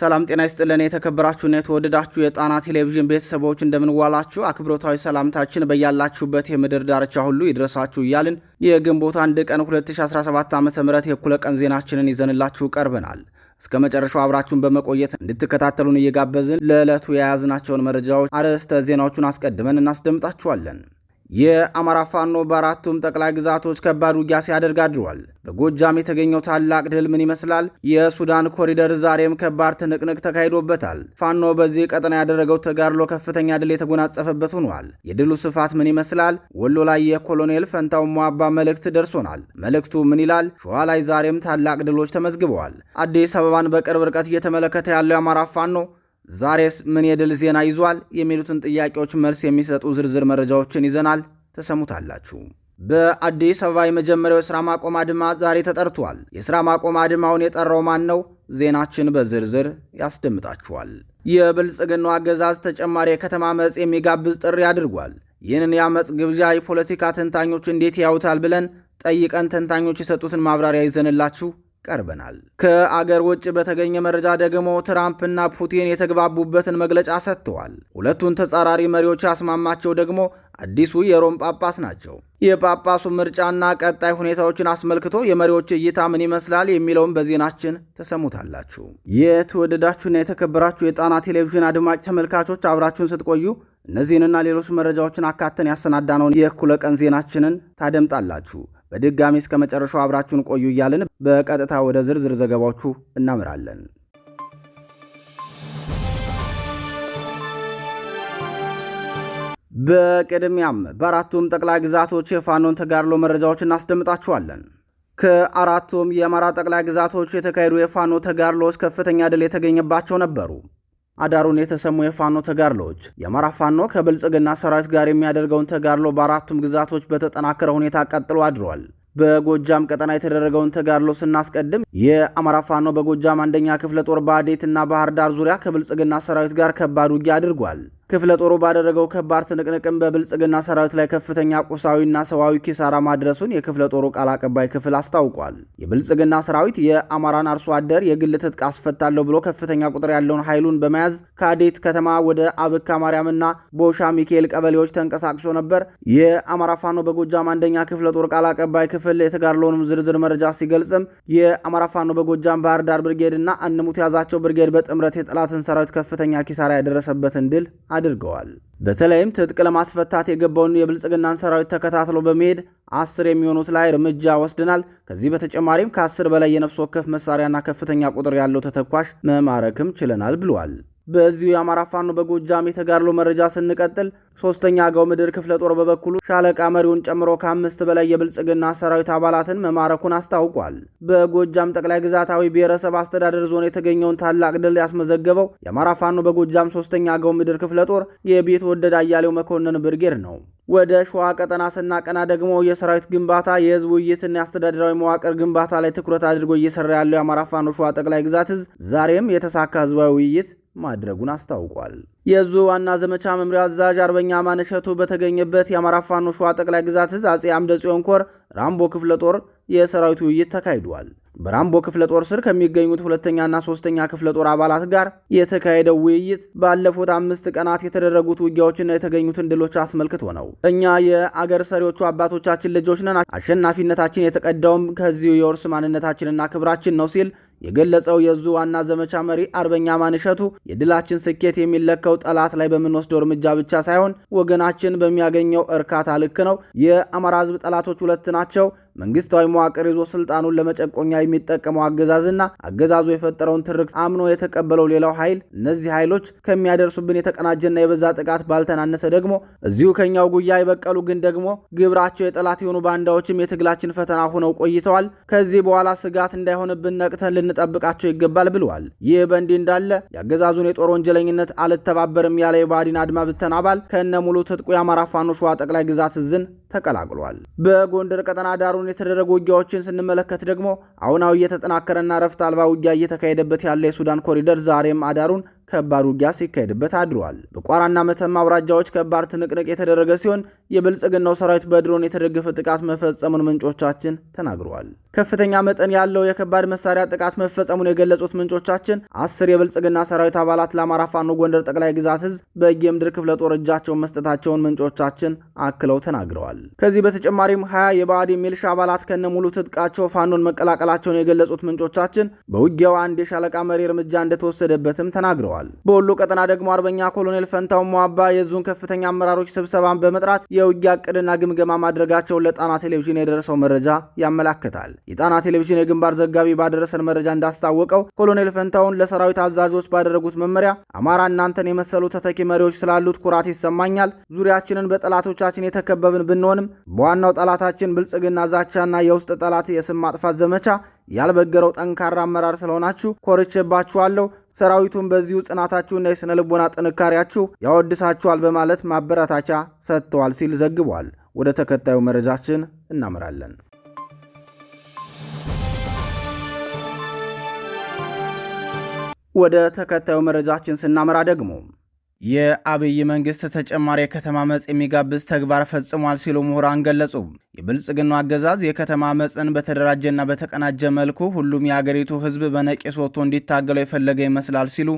ሰላም ጤና ይስጥልን። የተከበራችሁና የተወደዳችሁ የጣና ቴሌቪዥን ቤተሰቦች እንደምንዋላችሁ፣ አክብሮታዊ ሰላምታችን በያላችሁበት የምድር ዳርቻ ሁሉ ይድረሳችሁ እያልን የግንቦት አንድ ቀን 2017 ዓ ም የእኩለ ቀን ዜናችንን ይዘንላችሁ ቀርበናል። እስከ መጨረሻው አብራችሁን በመቆየት እንድትከታተሉን እየጋበዝን ለዕለቱ የያዝናቸውን መረጃዎች አርዕስተ ዜናዎቹን አስቀድመን እናስደምጣችኋለን። የአማራ ፋኖ በአራቱም ጠቅላይ ግዛቶች ከባድ ውጊያ ሲያደርግ አድሯል። በጎጃም የተገኘው ታላቅ ድል ምን ይመስላል? የሱዳን ኮሪደር ዛሬም ከባድ ትንቅንቅ ተካሂዶበታል። ፋኖ በዚህ ቀጠና ያደረገው ተጋድሎ ከፍተኛ ድል የተጎናጸፈበት ሆኗል። የድሉ ስፋት ምን ይመስላል? ወሎ ላይ የኮሎኔል ፈንታው ሟባ መልእክት ደርሶናል። መልእክቱ ምን ይላል? ሸዋ ላይ ዛሬም ታላቅ ድሎች ተመዝግበዋል። አዲስ አበባን በቅርብ ርቀት እየተመለከተ ያለው የአማራ ፋኖ ዛሬስ ምን የድል ዜና ይዟል? የሚሉትን ጥያቄዎች መልስ የሚሰጡ ዝርዝር መረጃዎችን ይዘናል። ተሰሙታላችሁ። በአዲስ አበባ የመጀመሪያው የሥራ ማቆም አድማ ዛሬ ተጠርቷል። የሥራ ማቆም አድማውን የጠራው ማን ነው? ዜናችን በዝርዝር ያስደምጣችኋል። የብልጽግናው አገዛዝ ተጨማሪ የከተማ መጽ የሚጋብዝ ጥሪ አድርጓል። ይህንን የአመፅ ግብዣ የፖለቲካ ተንታኞች እንዴት ያዩታል ብለን ጠይቀን ተንታኞች የሰጡትን ማብራሪያ ይዘንላችሁ ቀርበናል። ከአገር ውጭ በተገኘ መረጃ ደግሞ ትራምፕና ፑቲን የተግባቡበትን መግለጫ ሰጥተዋል። ሁለቱን ተጻራሪ መሪዎች ያስማማቸው ደግሞ አዲሱ የሮም ጳጳስ ናቸው። የጳጳሱ ምርጫና ቀጣይ ሁኔታዎችን አስመልክቶ የመሪዎች እይታ ምን ይመስላል የሚለውን በዜናችን ተሰሙታላችሁ። የተወደዳችሁና የተከበራችሁ የጣና ቴሌቪዥን አድማጭ ተመልካቾች አብራችሁን ስትቆዩ እነዚህንና ሌሎች መረጃዎችን አካተን ያሰናዳነውን የእኩለ ቀን ዜናችንን ታደምጣላችሁ። በድጋሚ እስከ መጨረሻው አብራችሁን ቆዩ እያልን በቀጥታ ወደ ዝርዝር ዘገባዎቹ እናምራለን። በቅድሚያም በአራቱም ጠቅላይ ግዛቶች የፋኖን ተጋድሎ መረጃዎች እናስደምጣችኋለን። ከአራቱም የአማራ ጠቅላይ ግዛቶች የተካሄዱ የፋኖ ተጋድሎዎች ከፍተኛ ድል የተገኘባቸው ነበሩ። አዳሩን የተሰሙ የፋኖ ተጋድሎዎች የአማራ ፋኖ ከብልጽግና ሰራዊት ጋር የሚያደርገውን ተጋድሎ በአራቱም ግዛቶች በተጠናከረ ሁኔታ ቀጥሎ አድሯል። በጎጃም ቀጠና የተደረገውን ተጋድሎ ስናስቀድም የአማራ ፋኖ በጎጃም አንደኛ ክፍለ ጦር በአዴትና ባህር ዳር ዙሪያ ከብልጽግና ሰራዊት ጋር ከባድ ውጊያ አድርጓል። ክፍለ ጦሩ ባደረገው ከባድ ትንቅንቅም በብልጽግና ሰራዊት ላይ ከፍተኛ ቁሳዊና ሰዋዊ ኪሳራ ማድረሱን የክፍለ ጦሩ ቃል አቀባይ ክፍል አስታውቋል። የብልጽግና ሰራዊት የአማራን አርሶ አደር የግል ትጥቅ አስፈታለሁ ብሎ ከፍተኛ ቁጥር ያለውን ኃይሉን በመያዝ ከአዴት ከተማ ወደ አብካ ማርያምና ቦሻ ሚካኤል ቀበሌዎች ተንቀሳቅሶ ነበር። የአማራ ፋኖ በጎጃም አንደኛ ክፍለ ጦር ቃል አቀባይ ክፍል የተጋድሎውንም ዝርዝር መረጃ ሲገልጽም የአማራ ፋኖ በጎጃም ባህር ዳር ብርጌድና አንሙት ያዛቸው ብርጌድ በጥምረት የጠላትን ሰራዊት ከፍተኛ ኪሳራ ያደረሰበትን ድል አድርገዋል። በተለይም ትጥቅ ለማስፈታት የገባውን የብልጽግናን ሰራዊት ተከታትሎ በመሄድ አስር የሚሆኑት ላይ እርምጃ ወስደናል። ከዚህ በተጨማሪም ከአስር በላይ የነፍስ ወከፍ መሳሪያና ከፍተኛ ቁጥር ያለው ተተኳሽ መማረክም ችለናል ብሏል። በዚሁ የአማራ ፋኖ በጎጃም የተጋድሎ መረጃ ስንቀጥል ሶስተኛ አገው ምድር ክፍለ ጦር በበኩሉ ሻለቃ መሪውን ጨምሮ ከአምስት በላይ የብልጽግና ሰራዊት አባላትን መማረኩን አስታውቋል። በጎጃም ጠቅላይ ግዛታዊ ብሔረሰብ አስተዳደር ዞን የተገኘውን ታላቅ ድል ያስመዘገበው የአማራ ፋኖ በጎጃም ሶስተኛ አገው ምድር ክፍለ ጦር የቤት ወደድ አያሌው መኮንን ብርጌድ ነው። ወደ ሸዋ ቀጠና ስናቀና ደግሞ የሰራዊት ግንባታ፣ የህዝብ ውይይትና የአስተዳደራዊ መዋቅር ግንባታ ላይ ትኩረት አድርጎ እየሰራ ያለው የአማራ ፋኖ ሸዋ ጠቅላይ ግዛት እዝ ዛሬም የተሳካ ህዝባዊ ውይይት ማድረጉን አስታውቋል። የዙ ዋና ዘመቻ መምሪያ አዛዥ አርበኛ ማነሸቱ በተገኘበት የአማራ ፋኖ ሸዋ ጠቅላይ ግዛት እዝ አጼ አምደ ጽዮን ኮር ራምቦ ክፍለ ጦር የሰራዊቱ ውይይት ተካሂዷል። በራምቦ ክፍለ ጦር ስር ከሚገኙት ሁለተኛና ሶስተኛ ክፍለ ጦር አባላት ጋር የተካሄደው ውይይት ባለፉት አምስት ቀናት የተደረጉት ውጊያዎችና የተገኙትን ድሎች አስመልክቶ ነው። እኛ የአገር ሰሪዎቹ አባቶቻችን ልጆች ነን፣ አሸናፊነታችን የተቀዳውም ከዚሁ የውርስ ማንነታችንና ክብራችን ነው ሲል የገለጸው የዙ ዋና ዘመቻ መሪ አርበኛ ማንሸቱ የድላችን ስኬት የሚለካው ጠላት ላይ በምንወስደው እርምጃ ብቻ ሳይሆን ወገናችን በሚያገኘው እርካታ ልክ ነው። የአማራ ህዝብ ጠላቶች ሁለት ናቸው መንግስታዊ መዋቅር ይዞ ስልጣኑን ለመጨቆኛ የሚጠቀመው አገዛዝና አገዛዙ የፈጠረውን ትርክት አምኖ የተቀበለው ሌላው ኃይል እነዚህ ኃይሎች ከሚያደርሱብን የተቀናጀና የበዛ ጥቃት ባልተናነሰ ደግሞ እዚሁ ከኛው ጉያ የበቀሉ ግን ደግሞ ግብራቸው የጠላት የሆኑ ባንዳዎችም የትግላችን ፈተና ሆነው ቆይተዋል። ከዚህ በኋላ ስጋት እንዳይሆንብን ነቅተን ልንጠብቃቸው ይገባል ብለዋል። ይህ በእንዲህ እንዳለ የአገዛዙን የጦር ወንጀለኝነት አልተባበርም ያለ የባዲን አድማ ብተን አባል ከነ ሙሉ ትጥቁ የአማራ ፋኖ ሸዋ ጠቅላይ ግዛት እዝን ተቀላቅሏል። በጎንደር ቀጠና ዳሩን ሰሞኑን የተደረጉ ውጊያዎችን ስንመለከት ደግሞ አሁናዊ የተጠናከረና ረፍት አልባ ውጊያ እየተካሄደበት ያለ የሱዳን ኮሪደር ዛሬም አዳሩን ከባድ ውጊያ ሲካሄድበት አድሯል። በቋራና መተማ አውራጃዎች ከባድ ትንቅንቅ የተደረገ ሲሆን የብልጽግናው ሰራዊት በድሮን የተደገፈ ጥቃት መፈጸሙን ምንጮቻችን ተናግረዋል። ከፍተኛ መጠን ያለው የከባድ መሳሪያ ጥቃት መፈጸሙን የገለጹት ምንጮቻችን አስር የብልጽግና ሰራዊት አባላት ለአማራ ፋኖ ጎንደር ጠቅላይ ግዛት እዝ በጌምድር ክፍለ ጦር እጃቸውን መስጠታቸውን ምንጮቻችን አክለው ተናግረዋል። ከዚህ በተጨማሪም ሀያ የባዕድ ሚልሻ አባላት ከነ ሙሉ ትጥቃቸው ፋኖን መቀላቀላቸውን የገለጹት ምንጮቻችን በውጊያው አንድ የሻለቃ መሪ እርምጃ እንደተወሰደበትም ተናግረዋል። ተናግረዋል። በወሎ ቀጠና ደግሞ አርበኛ ኮሎኔል ፈንታው ሟባ የዞን ከፍተኛ አመራሮች ስብሰባን በመጥራት የውጊያ እቅድና ግምገማ ማድረጋቸውን ለጣና ቴሌቪዥን የደረሰው መረጃ ያመላክታል። የጣና ቴሌቪዥን የግንባር ዘጋቢ ባደረሰን መረጃ እንዳስታወቀው ኮሎኔል ፈንታውን ለሰራዊት አዛዦች ባደረጉት መመሪያ አማራ እናንተን የመሰሉ ተተኪ መሪዎች ስላሉት ኩራት ይሰማኛል። ዙሪያችንን በጠላቶቻችን የተከበብን ብንሆንም በዋናው ጠላታችን ብልጽግና ዛቻና የውስጥ ጠላት የስም ማጥፋት ዘመቻ ያልበገረው ጠንካራ አመራር ስለሆናችሁ ኮርቼባችኋለሁ። ሰራዊቱን በዚሁ ጽናታችሁና የሥነ ልቦና ጥንካሬያችሁ ያወድሳችኋል በማለት ማበረታቻ ሰጥተዋል ሲል ዘግቧል። ወደ ተከታዩ መረጃችን እናመራለን። ወደ ተከታዩ መረጃችን ስናመራ ደግሞ የአብይ መንግስት ተጨማሪ የከተማ መጽ የሚጋብዝ ተግባር ፈጽሟል ሲሉ ምሁራን ገለጹ። የብልጽግናው አገዛዝ የከተማ መጽን በተደራጀና በተቀናጀ መልኩ ሁሉም የአገሪቱ ህዝብ በነቂስ ወጥቶ እንዲታገለው የፈለገ ይመስላል ሲሉ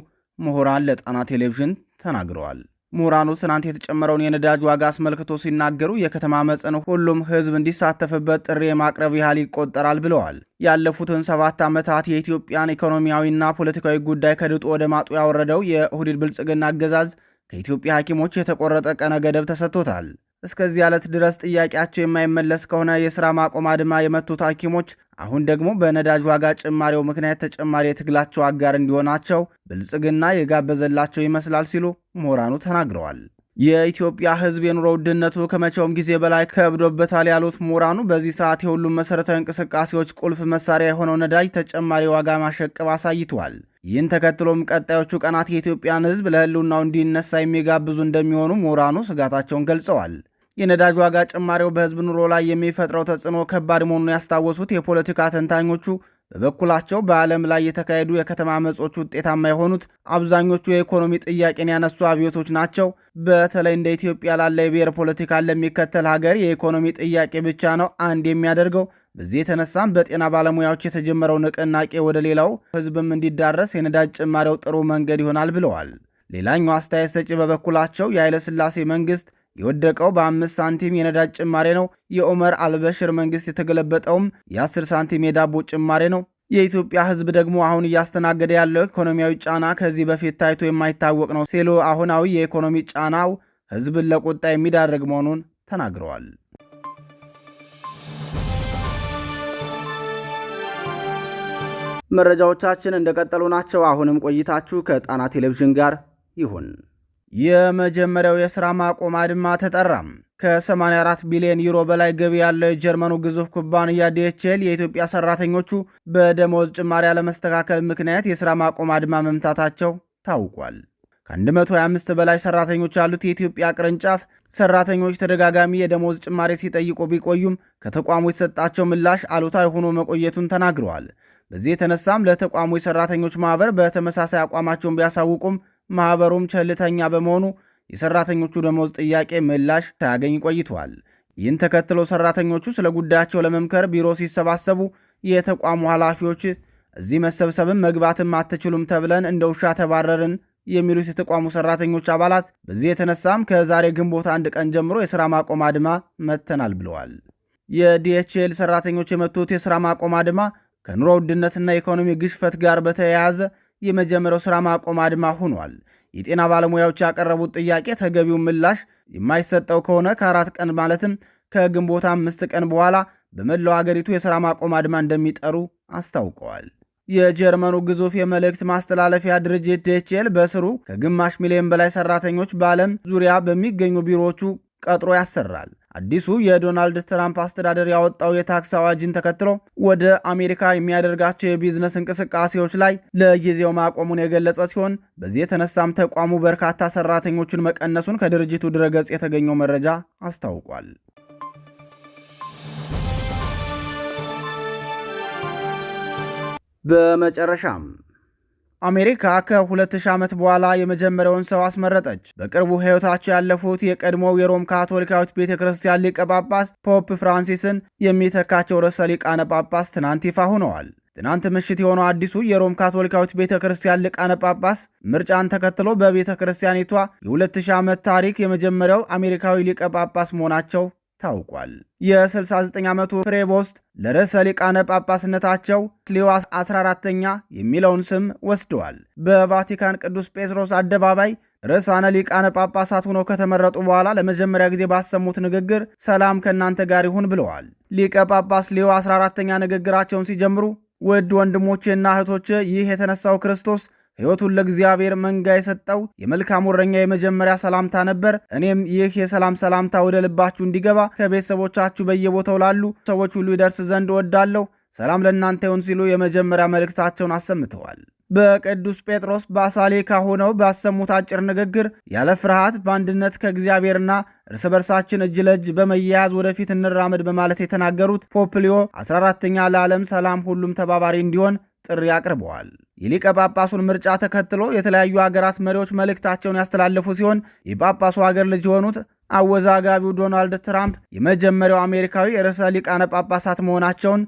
ምሁራን ለጣና ቴሌቪዥን ተናግረዋል። ምሁራኑ ትናንት የተጨመረውን የነዳጅ ዋጋ አስመልክቶ ሲናገሩ የከተማ መጽን ሁሉም ህዝብ እንዲሳተፍበት ጥሪ የማቅረብ ያህል ይቆጠራል ብለዋል። ያለፉትን ሰባት ዓመታት የኢትዮጵያን ኢኮኖሚያዊና ፖለቲካዊ ጉዳይ ከድጡ ወደ ማጡ ያወረደው የኦህዴድ ብልጽግና አገዛዝ ከኢትዮጵያ ሐኪሞች የተቆረጠ ቀነ ገደብ ተሰጥቶታል። እስከዚህ ዕለት ድረስ ጥያቄያቸው የማይመለስ ከሆነ የሥራ ማቆም አድማ የመቱት ሐኪሞች አሁን ደግሞ በነዳጅ ዋጋ ጭማሪው ምክንያት ተጨማሪ የትግላቸው አጋር እንዲሆናቸው ብልጽግና የጋበዘላቸው ይመስላል ሲሉ ምሁራኑ ተናግረዋል። የኢትዮጵያ ሕዝብ የኑሮ ውድነቱ ከመቼውም ጊዜ በላይ ከብዶበታል ያሉት ምሁራኑ በዚህ ሰዓት የሁሉም መሠረታዊ እንቅስቃሴዎች ቁልፍ መሳሪያ የሆነው ነዳጅ ተጨማሪ ዋጋ ማሸቀብ አሳይቷል። ይህን ተከትሎም ቀጣዮቹ ቀናት የኢትዮጵያን ሕዝብ ለህልውናው እንዲነሳ የሚጋብዙ እንደሚሆኑ ምሁራኑ ስጋታቸውን ገልጸዋል። የነዳጅ ዋጋ ጭማሪው በህዝብ ኑሮ ላይ የሚፈጥረው ተጽዕኖ ከባድ መሆኑን ያስታወሱት የፖለቲካ ተንታኞቹ በበኩላቸው በዓለም ላይ የተካሄዱ የከተማ መጾች ውጤታማ የሆኑት አብዛኞቹ የኢኮኖሚ ጥያቄን ያነሱ አብዮቶች ናቸው። በተለይ እንደ ኢትዮጵያ ላለ የብሔር ፖለቲካን ለሚከተል ሀገር የኢኮኖሚ ጥያቄ ብቻ ነው አንድ የሚያደርገው። በዚህ የተነሳም በጤና ባለሙያዎች የተጀመረው ንቅናቄ ወደ ሌላው ህዝብም እንዲዳረስ የነዳጅ ጭማሪው ጥሩ መንገድ ይሆናል ብለዋል። ሌላኛው አስተያየት ሰጪ በበኩላቸው ስላሴ መንግስት የወደቀው በአምስት ሳንቲም የነዳጅ ጭማሬ ነው። የኦመር አልበሽር መንግስት የተገለበጠውም የአስር ሳንቲም የዳቦ ጭማሬ ነው። የኢትዮጵያ ሕዝብ ደግሞ አሁን እያስተናገደ ያለው ኢኮኖሚያዊ ጫና ከዚህ በፊት ታይቶ የማይታወቅ ነው ሲሉ አሁናዊ የኢኮኖሚ ጫናው ሕዝብን ለቁጣ የሚዳርግ መሆኑን ተናግረዋል። መረጃዎቻችን እንደቀጠሉ ናቸው። አሁንም ቆይታችሁ ከጣና ቴሌቪዥን ጋር ይሁን። የመጀመሪያው የሥራ ማቆም አድማ ተጠራም። ከ84 ቢሊዮን ዩሮ በላይ ገቢ ያለው የጀርመኑ ግዙፍ ኩባንያ ዲኤችኤል የኢትዮጵያ ሰራተኞቹ በደሞዝ ጭማሪ አለመስተካከል ምክንያት የሥራ ማቆም አድማ መምታታቸው ታውቋል። ከ125 በላይ ሰራተኞች ያሉት የኢትዮጵያ ቅርንጫፍ ሰራተኞች ተደጋጋሚ የደሞዝ ጭማሪ ሲጠይቁ ቢቆዩም ከተቋሙ የተሰጣቸው ምላሽ አሉታዊ ሆኖ መቆየቱን ተናግረዋል። በዚህ የተነሳም ለተቋሙ የሰራተኞች ማህበር በተመሳሳይ አቋማቸውን ቢያሳውቁም ማኅበሩም ቸልተኛ በመሆኑ የሠራተኞቹ ደሞዝ ጥያቄ ምላሽ ሳያገኝ ቆይቷል። ይህን ተከትሎ ሠራተኞቹ ስለ ጉዳያቸው ለመምከር ቢሮ ሲሰባሰቡ የተቋሙ ኃላፊዎች እዚህ መሰብሰብም መግባትም አትችሉም ተብለን እንደ ውሻ ተባረርን የሚሉት የተቋሙ ሠራተኞች አባላት በዚህ የተነሳም ከዛሬ ግንቦት አንድ ቀን ጀምሮ የሥራ ማቆም አድማ መተናል ብለዋል። የዲኤችኤል ሠራተኞች የመቱት የሥራ ማቆም አድማ ከኑሮ ውድነትና የኢኮኖሚ ግሽፈት ጋር በተያያዘ የመጀመሪያው ሥራ ማቆም አድማ ሆኗል። የጤና ባለሙያዎች ያቀረቡት ጥያቄ ተገቢው ምላሽ የማይሰጠው ከሆነ ከአራት ቀን ማለትም ከግንቦት አምስት ቀን በኋላ በመላው አገሪቱ የሥራ ማቆም አድማ እንደሚጠሩ አስታውቀዋል። የጀርመኑ ግዙፍ የመልእክት ማስተላለፊያ ድርጅት ዴችል በስሩ ከግማሽ ሚሊዮን በላይ ሰራተኞች በዓለም ዙሪያ በሚገኙ ቢሮዎቹ ቀጥሮ ያሰራል። አዲሱ የዶናልድ ትራምፕ አስተዳደር ያወጣው የታክስ አዋጅን ተከትሎ ወደ አሜሪካ የሚያደርጋቸው የቢዝነስ እንቅስቃሴዎች ላይ ለጊዜው ማቆሙን የገለጸ ሲሆን በዚህ የተነሳም ተቋሙ በርካታ ሰራተኞችን መቀነሱን ከድርጅቱ ድረገጽ የተገኘው መረጃ አስታውቋል። በመጨረሻም አሜሪካ ከ2000 ዓመት በኋላ የመጀመሪያውን ሰው አስመረጠች። በቅርቡ ሕይወታቸው ያለፉት የቀድሞው የሮም ካቶሊካዊት ቤተ ክርስቲያን ሊቀ ጳጳስ ፖፕ ፍራንሲስን የሚተካቸው ርዕሰ ሊቃነ ጳጳስ ትናንት ይፋ ሆነዋል። ትናንት ምሽት የሆነው አዲሱ የሮም ካቶሊካዊት ቤተ ክርስቲያን ሊቃነ ጳጳስ ምርጫን ተከትሎ በቤተ ክርስቲያኒቷ የ2000 ዓመት ታሪክ የመጀመሪያው አሜሪካዊ ሊቀ ጳጳስ መሆናቸው ታውቋል። የ69 ዓመቱ ፕሬቮስት ለርዕሰ ሊቃነ ጳጳስነታቸው ሊዮ 14ተኛ የሚለውን ስም ወስደዋል። በቫቲካን ቅዱስ ጴጥሮስ አደባባይ ርዕሳነ ሊቃነ ጳጳሳት ሆነው ከተመረጡ በኋላ ለመጀመሪያ ጊዜ ባሰሙት ንግግር ሰላም ከእናንተ ጋር ይሁን ብለዋል። ሊቀ ጳጳስ ሊዮ 14ተኛ ንግግራቸውን ሲጀምሩ ውድ ወንድሞቼና እህቶቼ ይህ የተነሳው ክርስቶስ ሕይወቱን ለእግዚአብሔር መንጋ የሰጠው የመልካም እረኛ የመጀመሪያ ሰላምታ ነበር። እኔም ይህ የሰላም ሰላምታ ወደ ልባችሁ እንዲገባ ከቤተሰቦቻችሁ በየቦታው ላሉ ሰዎች ሁሉ ይደርስ ዘንድ እወዳለሁ። ሰላም ለእናንተ ይሁን ሲሉ የመጀመሪያ መልእክታቸውን አሰምተዋል። በቅዱስ ጴጥሮስ በአሳሌካ ሆነው ባሰሙት አጭር ንግግር ያለ ፍርሃት በአንድነት ከእግዚአብሔርና እርስ በርሳችን እጅ ለእጅ በመያያዝ ወደፊት እንራመድ በማለት የተናገሩት ፖፕሊዮ 14 ተኛ ለዓለም ሰላም ሁሉም ተባባሪ እንዲሆን ጥሪ አቅርበዋል። የሊቀ ጳጳሱን ምርጫ ተከትሎ የተለያዩ ሀገራት መሪዎች መልእክታቸውን ያስተላለፉ ሲሆን የጳጳሱ ሀገር ልጅ የሆኑት አወዛጋቢው ዶናልድ ትራምፕ የመጀመሪያው አሜሪካዊ ርዕሰ ሊቃነ ጳጳሳት መሆናቸውን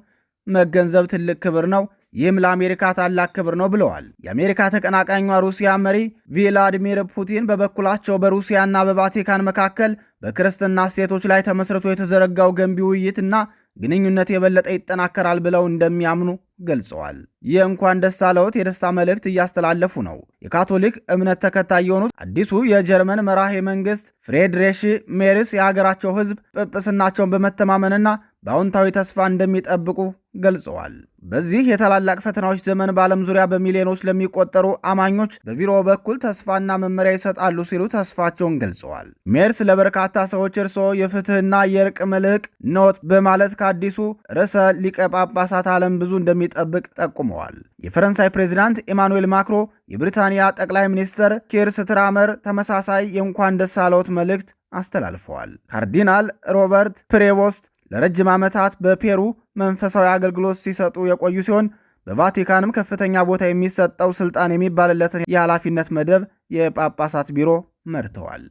መገንዘብ ትልቅ ክብር ነው። ይህም ለአሜሪካ ታላቅ ክብር ነው ብለዋል። የአሜሪካ ተቀናቃኟ ሩሲያ መሪ ቪላዲሚር ፑቲን በበኩላቸው በሩሲያና በቫቲካን መካከል በክርስትና እሴቶች ላይ ተመስርቶ የተዘረጋው ገንቢ ውይይትና ግንኙነት የበለጠ ይጠናከራል ብለው እንደሚያምኑ ገልጸዋል። ይህ እንኳን ደስ አለዎት የደስታ መልእክት እያስተላለፉ ነው። የካቶሊክ እምነት ተከታይ የሆኑት አዲሱ የጀርመን መራሄ መንግስት ፍሬድሪሽ ሜርስ የሀገራቸው ህዝብ ጵጵስናቸውን በመተማመንና በአዎንታዊ ተስፋ እንደሚጠብቁ ገልጸዋል። በዚህ የታላላቅ ፈተናዎች ዘመን በዓለም ዙሪያ በሚሊዮኖች ለሚቆጠሩ አማኞች በቢሮ በኩል ተስፋና መመሪያ ይሰጣሉ ሲሉ ተስፋቸውን ገልጸዋል። ሜርስ ለበርካታ ሰዎች እርስዎ የፍትህና የእርቅ መልህቅ ኖት በማለት ከአዲሱ ርዕሰ ሊቀ ጳጳሳት ዓለም ብዙ እንደሚ እንደሚጠብቅ ጠቁመዋል። የፈረንሳይ ፕሬዚዳንት ኢማኑኤል ማክሮ፣ የብሪታንያ ጠቅላይ ሚኒስትር ኪር ስትራመር ተመሳሳይ የእንኳን ደስ አለዎት መልእክት አስተላልፈዋል። ካርዲናል ሮበርት ፕሬቮስት ለረጅም ዓመታት በፔሩ መንፈሳዊ አገልግሎት ሲሰጡ የቆዩ ሲሆን በቫቲካንም ከፍተኛ ቦታ የሚሰጠው ስልጣን የሚባልለትን የኃላፊነት መደብ የጳጳሳት ቢሮ መርተዋል።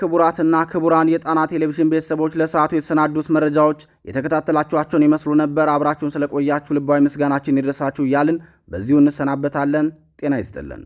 ክቡራትና ክቡራን የጣና ቴሌቪዥን ቤተሰቦች ለሰዓቱ የተሰናዱት መረጃዎች የተከታተላችኋቸውን ይመስሉ ነበር። አብራችሁን ስለቆያችሁ ልባዊ ምስጋናችን ይድረሳችሁ እያልን በዚሁ እንሰናበታለን። ጤና ይስጥልን።